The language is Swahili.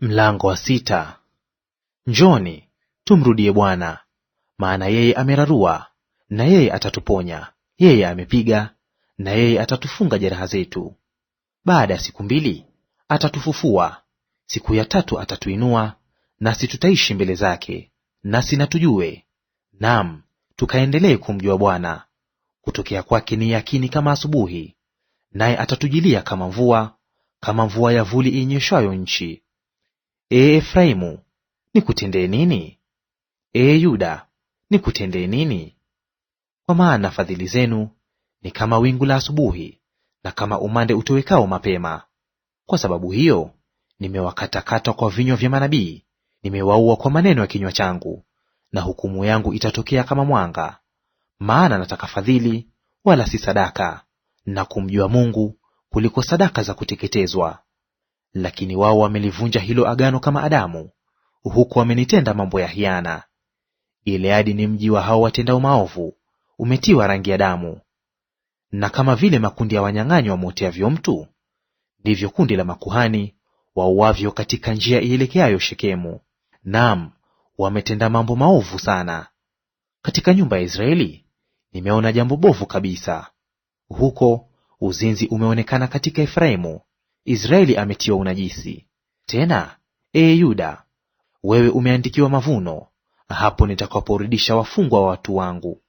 Mlango wa sita. Njoni tumrudie Bwana, maana yeye amerarua na yeye atatuponya; yeye amepiga na yeye atatufunga jeraha zetu. Baada ya siku mbili atatufufua, siku ya tatu atatuinua, nasi tutaishi mbele zake; nasi na tujue, naam, tukaendelee kumjua Bwana. Kutokea kwake ni yakini kama asubuhi, naye atatujilia kama mvua, kama mvua ya vuli inyeshwayo nchi e Efraimu, nikutendee nini? e Yuda, nikutendee nini? Kwa maana fadhili zenu ni kama wingu la asubuhi, na kama umande utowekao mapema. Kwa sababu hiyo nimewakatakata kwa vinywa vya manabii, nimewaua kwa maneno ya kinywa changu, na hukumu yangu itatokea kama mwanga. Maana nataka fadhili, wala si sadaka, na kumjua Mungu kuliko sadaka za kuteketezwa. Lakini wao wamelivunja hilo agano kama Adamu, huku wamenitenda mambo ya hiana. Gileadi ni mji wa hao watendao maovu, umetiwa rangi ya damu. Na kama vile makundi ya wanyang'anyi wamwoteavyo mtu, ndivyo kundi la makuhani wauavyo katika njia ielekeayo Shekemu. Naam, wametenda mambo maovu sana. Katika nyumba ya Israeli nimeona jambo bovu kabisa. Huko uzinzi umeonekana katika Efraimu, Israeli ametiwa unajisi. Tena ee Yuda, wewe umeandikiwa mavuno, hapo nitakaporudisha wafungwa wa watu wangu.